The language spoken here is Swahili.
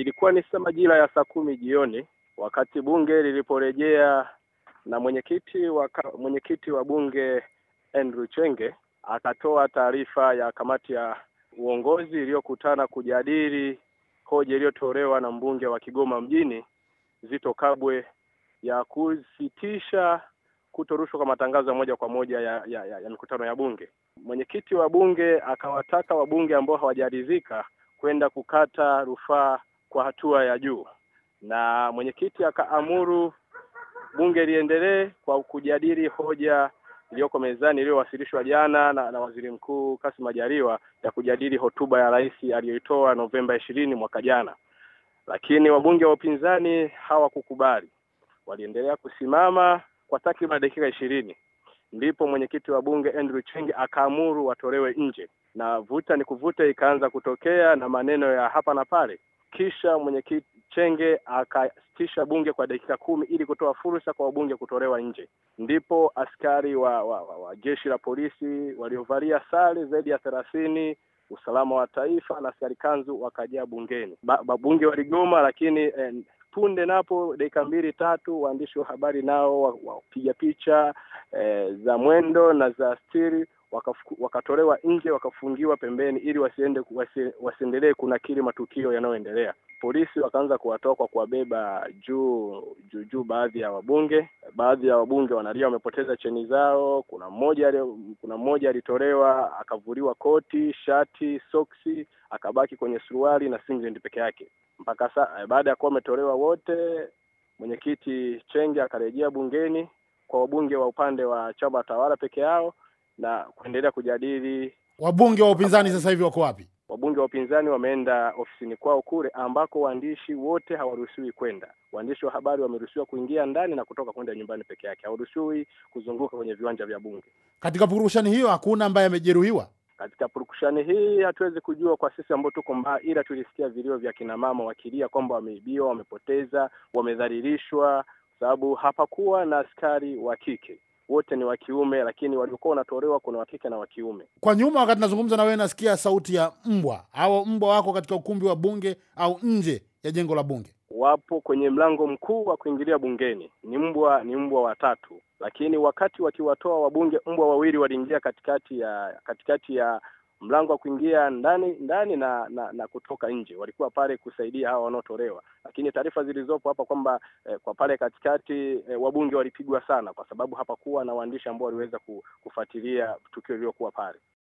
ilikuwa ni sa majira ya saa kumi jioni wakati bunge liliporejea na mwenyekiti wa mwenyekiti wa bunge Andrew Chenge akatoa taarifa ya kamati ya uongozi iliyokutana kujadili hoja iliyotolewa na mbunge wa Kigoma mjini Zito Kabwe ya kusitisha kutorushwa kwa matangazo ya moja kwa moja ya, ya, ya, ya mikutano ya bunge. Mwenyekiti wa bunge akawataka wabunge ambao hawajaridhika kwenda kukata rufaa kwa hatua ya juu, na mwenyekiti akaamuru bunge liendelee kwa kujadili hoja iliyoko mezani iliyowasilishwa jana na, na waziri mkuu Kassim Majaliwa ya kujadili hotuba ya rais aliyoitoa Novemba ishirini mwaka jana, lakini wabunge wa upinzani hawakukubali. Waliendelea kusimama kwa takriban dakika ishirini ndipo mwenyekiti wa bunge Andrew Cheng akaamuru watolewe nje, na vuta ni kuvuta ikaanza kutokea na maneno ya hapa na pale kisha mwenyekiti Chenge akasitisha bunge kwa dakika kumi ili kutoa fursa kwa wabunge kutolewa nje. Ndipo askari wa, wa, wa, wa jeshi la polisi waliovalia sare zaidi ya thelathini usalama wa taifa na askari kanzu wakajaa bungeni. Wabunge ba, waligoma, lakini eh, punde napo dakika mbili tatu, waandishi wa habari nao wapiga picha eh, za mwendo na za stiri wakatolewa wakatolewa nje wakafungiwa pembeni ili wasiende wasiendelee kunakili matukio yanayoendelea. Polisi wakaanza kuwatoa kwa kuwabeba juu juu juu, baadhi ya wabunge, baadhi ya wabunge wanalia wamepoteza cheni zao. Kuna mmoja kuna mmoja alitolewa akavuliwa koti, shati, soksi, akabaki kwenye suruali na singlet peke yake mpaka saa baada ya kuwa wametolewa wote, mwenyekiti Chenge akarejea bungeni kwa wabunge wa upande wa chama tawala peke yao na kuendelea kujadili. Wabunge wa upinzani sasa hivi wako wapi? Wabunge wa upinzani wameenda ofisini kwao kule ambako waandishi wote hawaruhusiwi kwenda. Waandishi wa habari wameruhusiwa kuingia ndani na kutoka kwenda nyumbani peke yake, hawaruhusiwi kuzunguka kwenye viwanja vya Bunge. Katika purukushani hiyo hakuna ambaye amejeruhiwa. Katika purukushani hii hatuwezi kujua kwa sisi ambao tuko mbaa, ila tulisikia vilio vya kinamama wakilia kwamba wameibiwa, wamepoteza, wamedhalilishwa, sababu hapakuwa na askari wa kike wote ni wa kiume, lakini waliokuwa wanatolewa kuna wakike na wa kiume. Kwa nyuma, wakati nazungumza na wewe, nasikia sauti ya mbwa. au mbwa wako katika ukumbi wa bunge au nje ya jengo la bunge? Wapo kwenye mlango mkuu wa kuingilia bungeni. Ni mbwa, ni mbwa watatu, lakini wakati wakiwatoa wabunge, mbwa wawili waliingia katikati ya katikati ya mlango wa kuingia ndani ndani na na, na kutoka nje. Walikuwa pale kusaidia hawa wanaotolewa, lakini taarifa zilizopo hapa kwamba eh, kwa pale katikati eh, wabunge walipigwa sana, kwa sababu hapakuwa na waandishi ambao waliweza kufuatilia tukio lililokuwa pale.